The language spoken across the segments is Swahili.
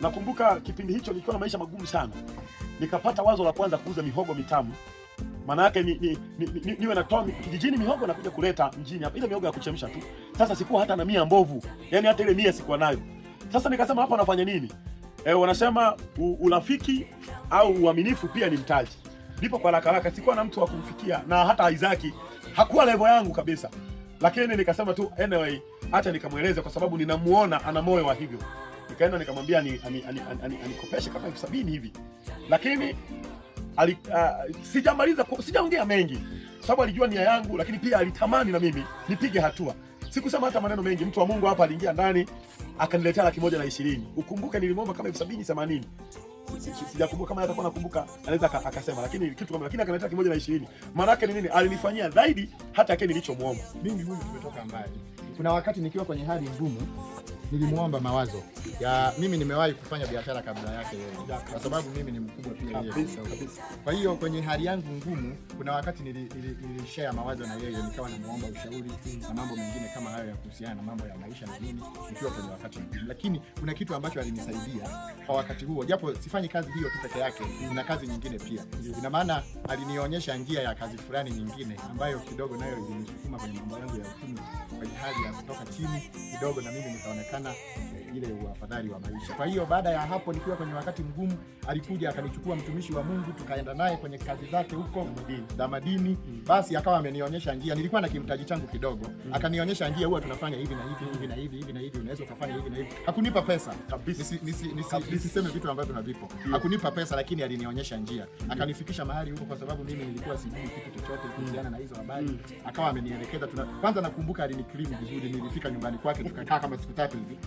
Nakumbuka kipindi hicho nikiwa na maisha magumu sana, nikapata wazo la kwanza kuuza mihogo mitamu. Maana yake ni, ni, ni, ni, niwe natoa kijijini mihogo na kuja kuleta mjini hapa, ile mihogo ya kuchemsha tu. Sasa sikuwa hata na mia mbovu, yani hata ile mia sikuwa nayo. Sasa nikasema hapa nafanya nini? E, wanasema u, urafiki au uaminifu pia ni mtaji. Ndipo kwa haraka haraka sikuwa na mtu wa kumfikia na hata Isaki hakuwa level yangu kabisa, lakini nikasema tu anyway, acha nikamweleze kwa sababu ninamuona ana moyo wa hivyo nikaenda nikamwambia anikopeshe kama elfu sabini hivi, lakini ah, sijamaliza, sijaongea mengi sababu alijua nia yangu, lakini pia alitamani na mimi nipige hatua. Sikusema hata maneno mengi. Mtu wa Mungu hapa aliingia ndani akaniletea laki moja na ishirini. Ukumbuke nilimwomba kama elfu sabini themanini sijakumbuka kama atakuwa nakumbuka, anaweza akasema, lakini kitu kama, lakini na ishirini. Maana yake ni nini? Alinifanyia zaidi hata nilichomwomba mimi. Huyu tumetoka mbali. Kuna wakati nikiwa kwenye hali ngumu, nilimwomba mawazo ya mimi nimewahi kufanya biashara kabla yake yeye, kwa sababu mimi ni mkubwa pia yeye. Kwa hiyo kwenye hali yangu ngumu, kuna wakati nilishare mawazo na yeye, nikawa namuomba ushauri na mambo mengine kama hayo ya kuhusiana na mambo ya maisha na nini, nikiwa kwenye wakati mgumu, lakini kuna kitu ambacho alinisaidia kwa wakati huo, japo sifanyi kazi hiyo tu peke yake, na kazi nyingine pia. Ina maana alinionyesha njia ya kazi fulani nyingine ambayo kidogo nayo ilinisukuma kwenye mambo yangu ya uchumi, kwenye hali ya kutoka chini kidogo, na mimi nikaonekana Yeah. ile uafadhali wa maisha. Kwa hiyo baada ya hapo, nikiwa kwenye wakati mgumu, alikuja akanichukua mtumishi wa Mungu, tukaenda naye kwenye kazi zake huko za madini. mm. Basi akawa amenionyesha njia, nilikuwa na kimtaji changu kidogo, mm. akanionyesha njia, huwa tunafanya hivi na hivi hivi na hivi hivi na hivi, unaweza ukafanya hivi na hivi. Hakunipa pesa kabisa, nisi, nisi, nisi, nisiseme vitu ambavyo havipo. Hakunipa pesa, lakini alinionyesha njia, mm. akanifikisha mahali huko, kwa sababu mimi nilikuwa sijui kitu chochote mm. kuhusiana na hizo habari. mm. Akawa amenielekeza. tuna... Kwanza nakumbuka alinikirimu vizuri, nilifika nyumbani kwake tukakaa kama siku tatu hivi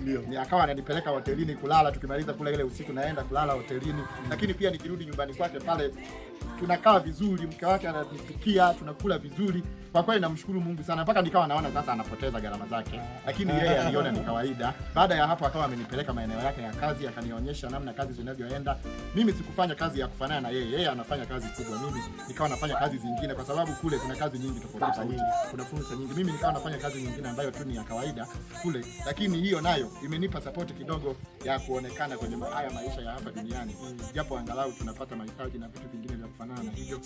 akawa ananipeleka hotelini kulala, tukimaliza kule ile usiku naenda kulala hotelini, lakini pia nikirudi nyumbani kwake pale tunakaa vizuri, mke wake anatupikia, tunakula vizuri. Kwa kweli namshukuru Mungu sana, mpaka nikawa naona sasa anapoteza gharama zake, lakini yeye aliona ni kawaida. Baada ya hapo, akawa amenipeleka maeneo yake ya kazi, akanionyesha namna kazi zinavyoenda. Mimi sikufanya kazi ya kufanana na yeye, yeye anafanya kazi kubwa, mimi nikawa nafanya kazi zingine, kwa sababu kule kuna kazi nyingi tofauti tofauti, kuna fursa nyingi. Mimi nikawa nafanya kazi nyingine ambayo tu ni ya kawaida kule, lakini hiyo nayo imenipa sapoti kidogo ya kuonekana kwenye haya maisha ya hapa duniani, japo angalau tunapata mahitaji na vitu vingine vya zinafanana na hivyo,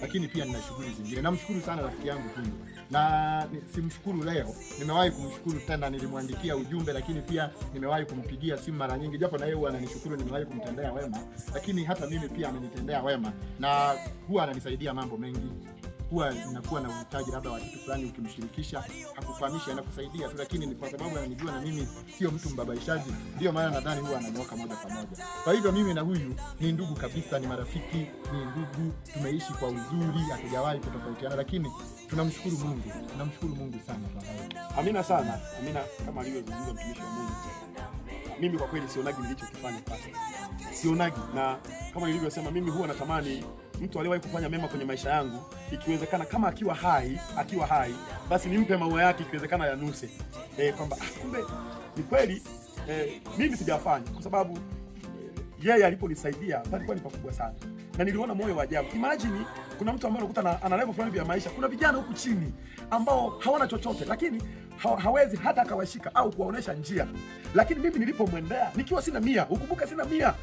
lakini pia nina shughuli zingine. Namshukuru sana rafiki yangu Tundu, na simshukuru leo, nimewahi kumshukuru tena, nilimwandikia ujumbe, lakini pia nimewahi kumpigia simu mara nyingi, japo na yeye huwa ananishukuru, nimewahi kumtendea wema, lakini hata mimi pia amenitendea wema na huwa ananisaidia mambo mengi huwa inakuwa na uhitaji labda wa kitu fulani, ukimshirikisha akufahamisha anakusaidia tu, lakini ni kwa sababu ananijua na mimi sio mtu mbabaishaji, ndio maana nadhani huwa ananyoka moja kwa moja. Kwa hivyo mimi na huyu ni ndugu kabisa, ni marafiki, ni ndugu, tumeishi kwa uzuri, hatujawahi kutofautiana, lakini tunamshukuru Mungu, tunamshukuru Mungu sana kwa hayo. Amina sana, amina. Kama alivyozungumza mtumishi wa Mungu, mimi kwa kweli sionagi nilichokifanya pale, sionagi, na kama nilivyosema, mimi huwa natamani mtu aliyewahi kufanya mema kwenye maisha yangu, ikiwezekana kama akiwa hai, akiwa hai basi nimpe maua yake, ikiwezekana yanuse eh, kwamba ah, kumbe ni kweli eh, mimi sijafanya kwa sababu eh, yeye yeah, aliponisaidia palikuwa ni pakubwa sana, na niliona moyo wa ajabu. Imagine kuna mtu ambaye anakuta ana level fulani ya maisha, kuna vijana huku chini ambao hawana chochote, lakini ha hawezi hata akawashika au kuwaonesha njia, lakini mimi nilipomwendea nikiwa sina mia, ukumbuke sina mia,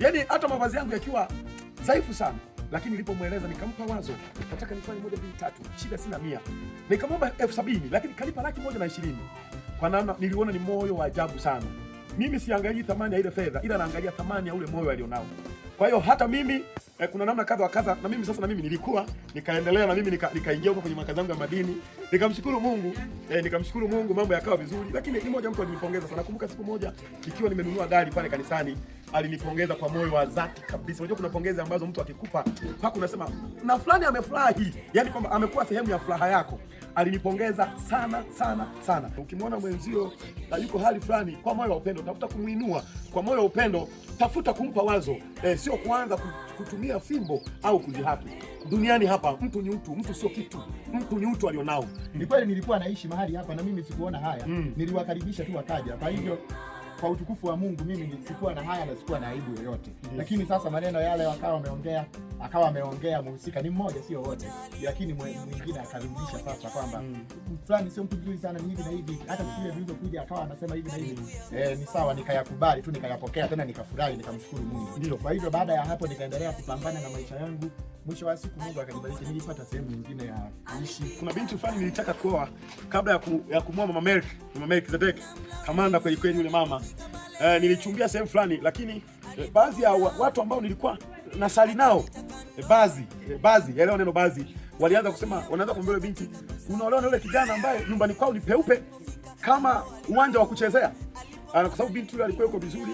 yani hata mavazi yangu yakiwa dhaifu sana lakini nilipomweleza nikampa wazo, nataka nifanye moja mbili tatu, shida sina mia, nikamwomba elfu sabini lakini kalipa laki moja na ishirini kwa namna niliona ni moyo wa ajabu sana. Mimi siangalii thamani ya ile fedha, ila naangalia thamani ya ule moyo alionao. Kwa hiyo hata mimi eh, kuna namna kadha wa kadha, na mimi sasa, na mimi nilikuwa nikaendelea, na mimi nikaingia nika huko kwenye makazi yangu ya madini, nikamshukuru Mungu eh, nikamshukuru Mungu, mambo yakawa vizuri, lakini ni moja mtu alinipongeza sana. Nakumbuka siku moja nikiwa nimenunua gari pale kanisani, alinipongeza kwa moyo wa dhati kabisa. Unajua kuna pongezi ambazo mtu akikupa hako unasema na fulani amefurahi, yani kwamba amekuwa sehemu ya furaha yako alinipongeza sana sana sana. Ukimwona mwenzio yuko hali fulani, kwa moyo wa upendo tafuta kumwinua, kwa moyo wa upendo tafuta kumpa wazo eh, sio kuanza kutumia fimbo au kujihaki. Duniani hapa mtu ni mtu, mtu sio kitu, mtu ni mtu alionao. Ni kweli nilikuwa naishi mahali hapa na mimi sikuona haya mm. Niliwakaribisha tu wakaja, kwa hivyo kwa utukufu wa Mungu mimi sikuwa na haya na sikuwa na aibu yoyote yes. Lakini sasa maneno yale wakawa wameongea, akawa ameongea mhusika ni mmoja, sio wote, lakini mwingine akarudisha sasa kwamba mm. fulani sio mtu mzuri sana, ni hivi na hivi, hata vile vilivyokuja akawa anasema hivi na hivi. mm. Eh, ni sawa, nikayakubali tu, nikayapokea tena, nikafurahi, nikamshukuru Mungu. Ndio, kwa hivyo baada ya hapo nikaendelea kupambana na maisha yangu. Mwisho wa siku Mungu akanibariki, nilipata sehemu nyingine ya kuishi. Kuna binti fulani nilitaka kuoa kabla ya kumwoa mama Mary, mama Mary Zedeki, kamanda kweli kweli yule mama eh, nilichumbia sehemu fulani, lakini eh, baadhi ya watu ambao nilikuwa nasali nao eh, baadhi eh, baadhi elewa neno baadhi, walianza kusema, wanaanza kumwambia binti, unaolewa na yule kijana ambaye nyumbani kwao ni peupe kama uwanja wa kuchezea ah, kwa sababu binti yule alikuwa yuko vizuri.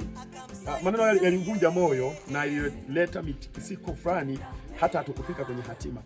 Ah, maneno yalivunja moyo na ilileta mitikisiko fulani, hata hatukufika kwenye hatima.